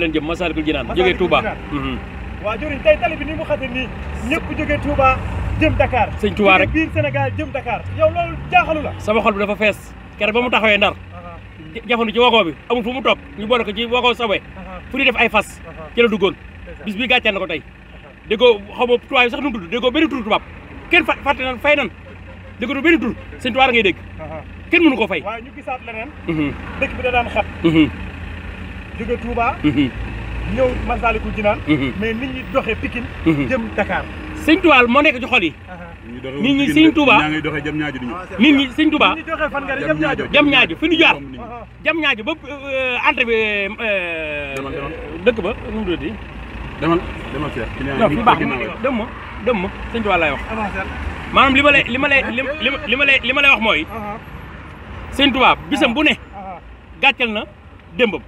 leen jëm Massalikul Jinaan jógee Touba mhm. waa jëriñ tey tali bi ni mu xate nii ñëpp jógee Touba jëm Dakar sëñ Touba rek biir Sénégal jëm Dakar yow loolu jaaxalu la sama xol bi dafa fees keroog ba mu taxawee ndar jafandu ci wokoo bi amul fu mu toog ñu boole ko ci wokoo sawe fu di def ay fas ci la duggoon bis bi gàccee na ko tey déggoo xaw sax nu mu tudd déggoo benn tur tubaab kenn nan fay nan déggoo du benn Touba ngay mënu ko fay ñu leneen mhm. bi da daan xat mhm. jóge Touba. Mhm. ñëw Massalikul Jinaan mhm. mais nit ñi doxe Pikine mhm. jëm Dakar sëñ Touba moo nekk ci xol yi nit ñi sëñ Touba nit ñi sëñ Touba jam ñaajo fi ñu jaar jam ñaajo ba euh, entre bi euh, euh, dëkk ba nu mu tuddati demal demal Cheikh fi baax dem ma dem ma sëñ Touba laay wax maanaam li ma lay li ma lay li ma lay li ma lay wax mooy sëñ Touba bisam bu ne gàccal na démbam